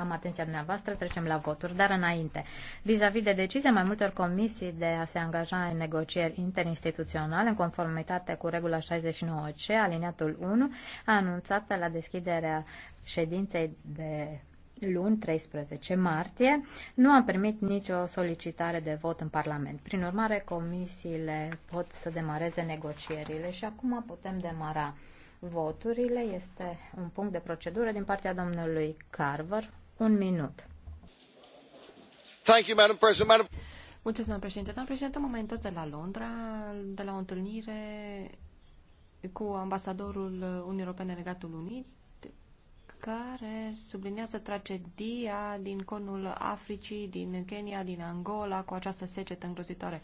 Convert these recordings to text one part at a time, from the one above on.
am atenția dumneavoastră, trecem la voturi. Dar înainte, vis-a-vis -vis de decizia mai multor comisii de a se angaja în negocieri interinstituționale, în conformitate cu regula 69C, aliniatul 1, anunțată la deschiderea ședinței de luni, 13 martie, nu am primit nicio solicitare de vot în Parlament. Prin urmare, comisiile pot să demareze negocierile și acum putem demara voturile. Este un punct de procedură din partea domnului Carver. Un minut. Mulțumesc, doamnă președinte. Doamnă președinte, m-am mai întors de la Londra, de la o întâlnire cu ambasadorul Uniunii Europene în Regatul Unit, care sublinează tragedia din conul Africii, din Kenya, din Angola, cu această secetă îngrozitoare.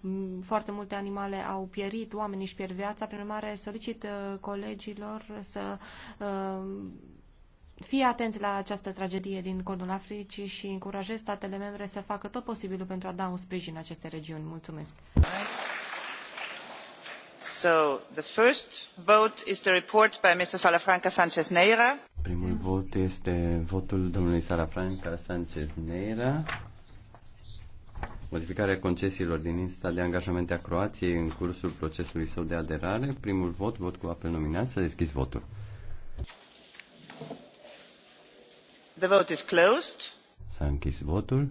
Mm, foarte multe animale au pierit, oamenii își pierd viața, prin urmare solicit uh, colegilor să uh, fie atenți la această tragedie din Cordul Africii și încurajez statele membre să facă tot posibilul pentru a da un sprijin acestei regiuni. Mulțumesc! So, the first vote is the report by Mr. Salafranca Sanchez Neira. Primul vot este votul domnului Salafranca Sanchez Neira. Modificarea concesiilor din lista de angajamente a Croației în cursul procesului său de aderare. Primul vot, vot cu apel nominal, să deschis votul. votul.